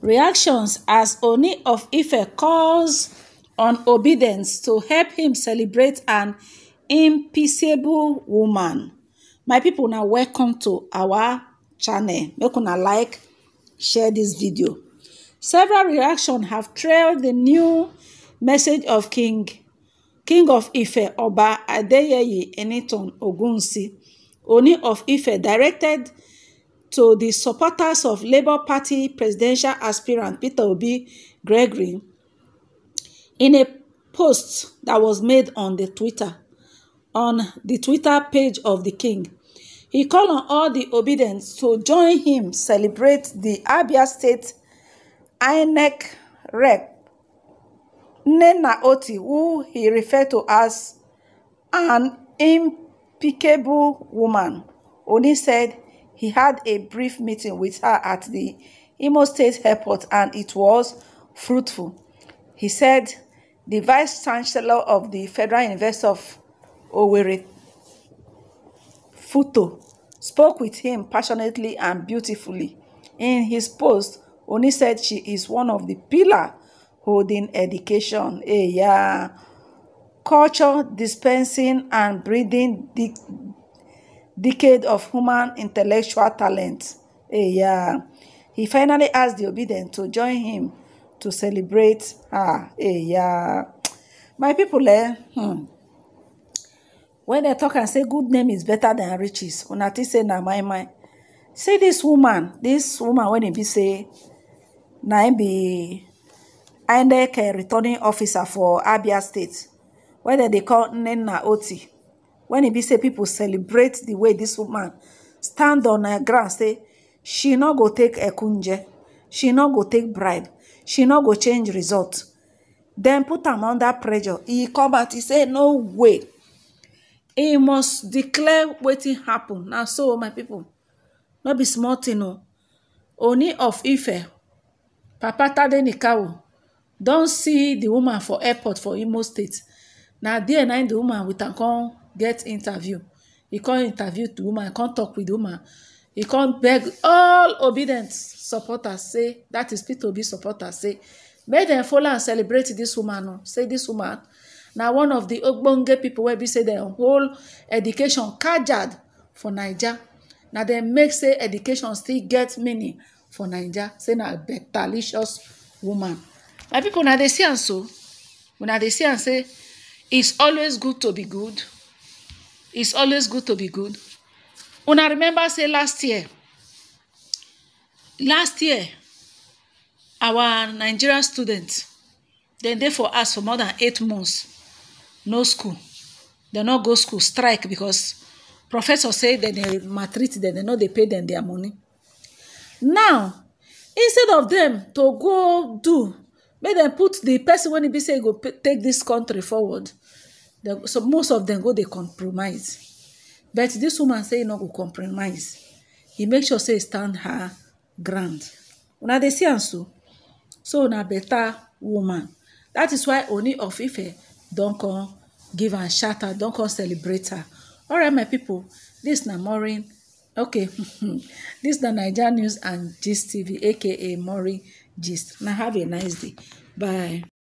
reactions as Oni of Ife calls on obedience to help him celebrate an impeccable woman. My people, now welcome to our channel. Make una like, share this video. Several reactions have trailed the new message of King King of Ife Oba Adeyeye Eniton Ogunsi, Oni of Ife, directed to the supporters of Labour Party presidential aspirant Peter Obi Gregory in a post that was made on the Twitter on the Twitter page of the king. He called on all the obedience to join him celebrate the Abia State INEC rep Nena who he referred to as an impeccable woman. Oni said he had a brief meeting with her at the Imo State Airport and it was fruitful. He said the Vice Chancellor of the Federal University of Owerri, Futo, spoke with him passionately and beautifully. In his post, Oni said she is one of the pillar holding education, eh, a culture dispensing and breeding decade of human intellectual talent. Eya. Eh, He finally asked the obedient to join him to celebrate her. Eya. Eh, my people, eh, hmm. when they talk and say good name is better than riches, una think say na my mind. Say this woman, this woman when it e be say, na im be INEC returning officer for Abia State, whether they call Nnenna Oti. When e be say people celebrate the way this woman stand on her ground say she not go take a ekunje she not go take bribe she not go change result Then put am under pressure He come out He say no way He must declare wetin happen now. so my people, not be small tin o oni of ife papa tade nikau. Don't see the woman for airport for imo state Now there na the woman with a come get interview He come interview the woman He come talk with the woman He come beg all obedient supporters say that is peter obi supporters say make dem follow and celebrate this woman o say this woman na one of di ogbonge people wey be say dem whole education kajad for naija na dem make say education still get meaning for naija say na betalicious woman my people na dey see am so una dey see am say it's always good to be good It's always good to be good. Una remember say last year, last year, our Nigerian students, dem dey for us for more than eight months. No school. they no go school, strike because professor say dem they maltreat dem, they no they pay them their money. Now, instead of them to go do, may they put the person wey e be say go take this country forward, They, so most of them go dey compromise but this woman say e no go compromise He make sure say stand her ground una dey see am so so na better woman that is why only of Ife don come give a shout out don come celebrate her alright my people this na Maureen okay this the Naija News and Gist TV aka Maureen Gist na have a nice day bye.